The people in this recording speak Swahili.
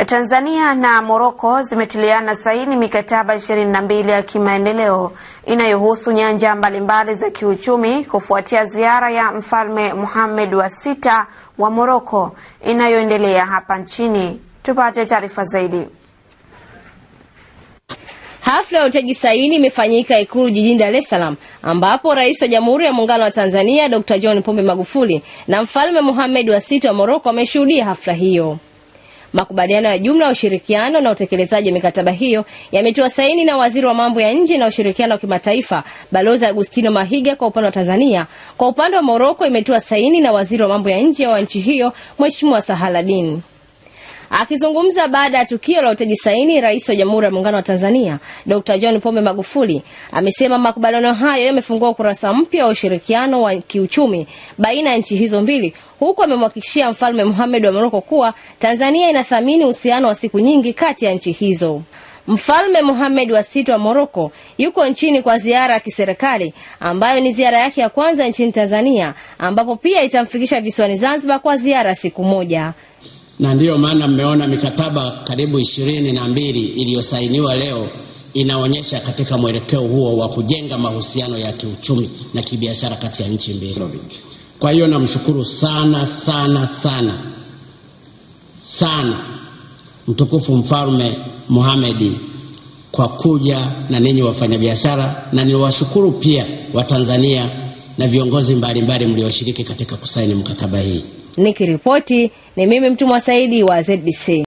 E, Tanzania na Moroko zimetiliana saini mikataba ishirini na mbili ya kimaendeleo inayohusu nyanja mbalimbali za kiuchumi kufuatia ziara ya Mfalme muhamed wa sita wa Moroko inayoendelea hapa nchini. Tupate taarifa zaidi. Hafla ya utaji saini imefanyika Ikulu jijini Dar es Salaam, ambapo Rais wa Jamhuri ya Muungano wa Tanzania Dr. John Pombe Magufuli na Mfalme muhamed wa sita wa Moroko wameshuhudia hafla hiyo. Makubaliano ya jumla ya ushirikiano na utekelezaji wa mikataba hiyo yametiwa saini na waziri wa mambo ya nje na ushirikiano wa kimataifa Balozi Agustino Mahiga kwa upande wa Tanzania. Kwa upande wa Moroko imetiwa saini na waziri wa mambo ya nje wa nchi hiyo Mheshimiwa Sahaladin. Akizungumza baada ya tukio la utaji saini, rais wa Jamhuri ya Muungano wa Tanzania Dr. John Pombe Magufuli amesema makubaliano hayo yamefungua ukurasa mpya wa ushirikiano wa kiuchumi baina ya nchi hizo mbili, huku amemhakikishia Mfalme Mohamed wa Moroko kuwa Tanzania inathamini uhusiano wa siku nyingi kati ya nchi hizo. Mfalme Mohamed wa sita wa Moroko yuko nchini kwa ziara ya kiserikali ambayo ni ziara yake ya kwanza nchini Tanzania, ambapo pia itamfikisha visiwani Zanzibar kwa ziara siku moja na ndiyo maana mmeona mikataba karibu ishirini na mbili iliyosainiwa leo inaonyesha katika mwelekeo huo wa kujenga mahusiano ya kiuchumi na kibiashara kati ya nchi mbili. Kwa hiyo namshukuru sana sana sana sana mtukufu Mfalme muhamedi kwa kuja na ninyi wafanyabiashara, na niwashukuru pia Watanzania na viongozi mbalimbali mlioshiriki katika kusaini mkataba hii. Nikiripoti ni mimi Mtumwa Saidi wa ZBC.